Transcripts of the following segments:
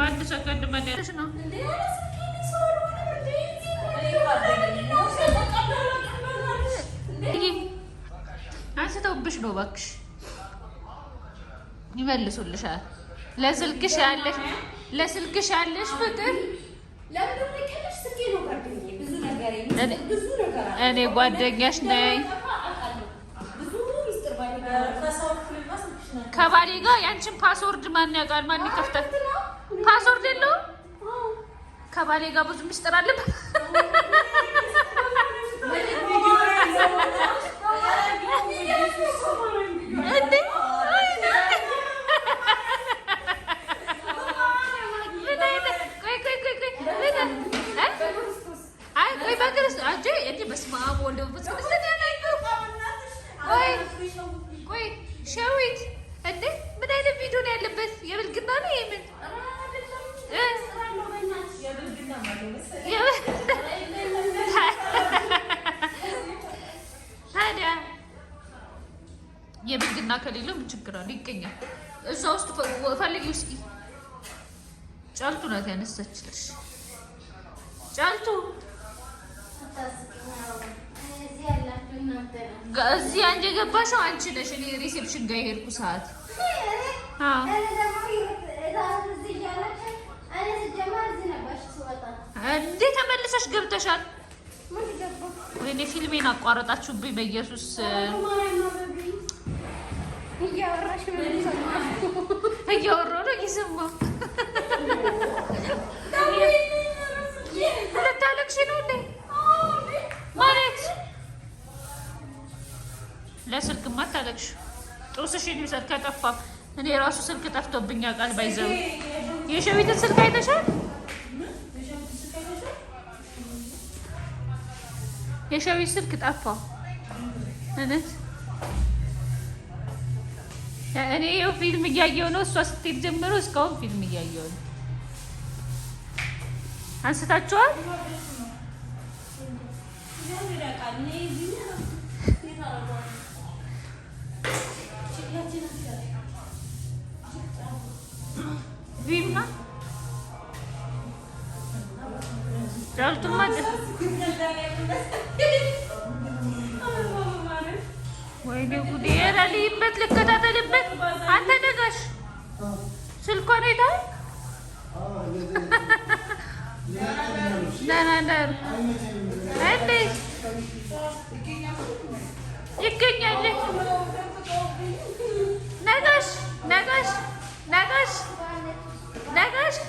በአንድ ሰከንድ መደረስ ነው። አንስተውብሽ ነው። እባክሽ ይመልሱልሻል። ለስልክሽ ያለሽ ለስልክሽ ያለሽ ፍቅር እኔ ጓደኛሽ ነኝ ከባሌ ጋር ያንቺን ፓስወርድ ማን ያውቃል? ማን ይከፍታል? ፓስወርድ የለውም። ከባሌ ጋር ብዙ ሚስጥር አለበት። እና ከሌለም ችግር አለ ይገኛል። እዛ ውስጥ ፈልጊ ውስጥ ጫልቱ ናት ያነሳችልሽ። ጫልቱ እዚህ አንቺ የገባሽው አንቺ ነሽ። እኔ ሪሴፕሽን ጋር የሄድኩ ሰዓት እንዴ ተመልሰሽ ገብተሻል። ወይኔ ፊልሜን አቋረጣችሁብኝ በኢየሱስ እያወራሽ ነው እያወራሁ ነው እየሰማሁ ልታለቅሽ ነው እንዴ? ማለት ለስልክማ አታለቅሽው። ጡስሽን ይውሰድ ከጠፋ። እኔ ራሱ ስልክ ጠፍቶብኝ ቃል ባይዘው የሸዊትን ስልክ አይተሻል? የሸዊት ስልክ ጠፋ እውነት እኔ ይኸው ፊልም እያየሁ ነው። እሷ ስትሄድ ጀምሮ እስካሁን ፊልም እያየሁ ነው። አንስታችኋል? ወይኔ ጉዴ! ኧረ ልሂበት ልከታተል এটা ఏంటి ఇక్కడ వెళ్ళి నగష్ నగష్ నగష్ నగష్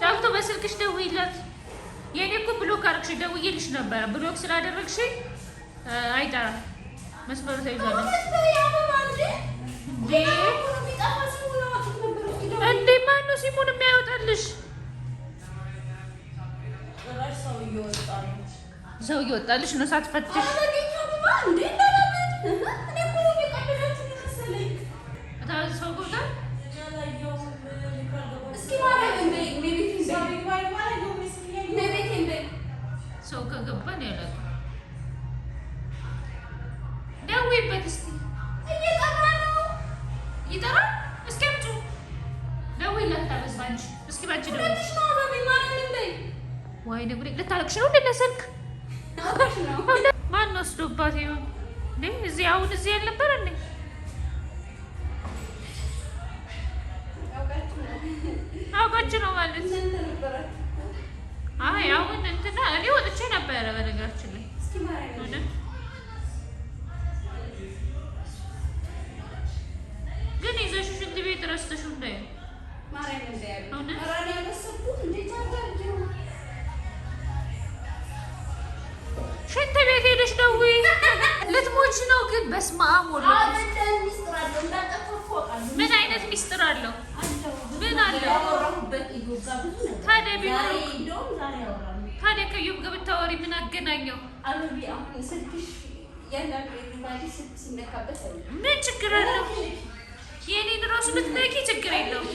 ሻፍቶ በስልክሽ ደውይለት። የእኔ እኮ ብሎክ አድርግሽ ደውዬልሽ ነበረ። ብሎክ ስላደረግሽ አይጠራም። መስመሩ ተይዟል እንዴ? ማነው ሲሙን የሚያወጣልሽ? ሰው እየወጣልሽ ነው ሳትፈትሽ ሰው ሰው ከገባ ያላል ደውይበት እስኪ እየጠራ ነው ይጠራል። እስኪ አምጪው ደውይላት አለች። እስኪ ባንቺ ወይ ልታለቅሽ ነው ማን ወስዶባት ይሁን እዚህ አሁን እዚህ ያልነበረ እውነት ነው ግን በስመ አብ ወልድ ምን አይነት ሚስጥር አለው? ምን አለው ታዲያ? ከዩብ ጋር ብታወሪ ምን አገናኘው? ምን ችግር አለው? የኔን ራሱ ብትነኪ ችግር የለውም።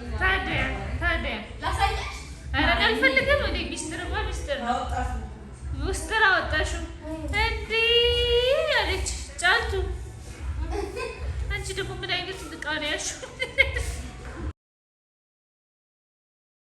ታዲያ ታዲያ ላሳየሽ። ኧረ እኔ አልፈልግም። እኔ ሚስጥርማ ሚስጥር ነው።